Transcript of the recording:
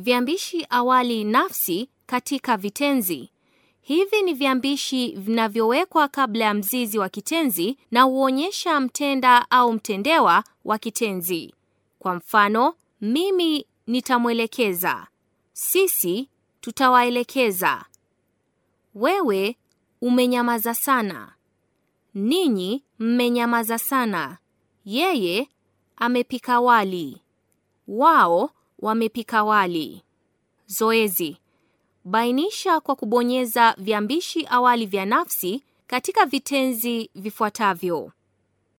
Viambishi awali nafsi katika vitenzi. Hivi ni viambishi vinavyowekwa kabla ya mzizi wa kitenzi na huonyesha mtenda au mtendewa wa kitenzi. Kwa mfano, mimi nitamwelekeza, sisi tutawaelekeza, wewe umenyamaza sana, ninyi mmenyamaza sana, yeye amepika wali, wao Wamepika wali. Zoezi: bainisha kwa kubonyeza viambishi awali vya nafsi katika vitenzi vifuatavyo.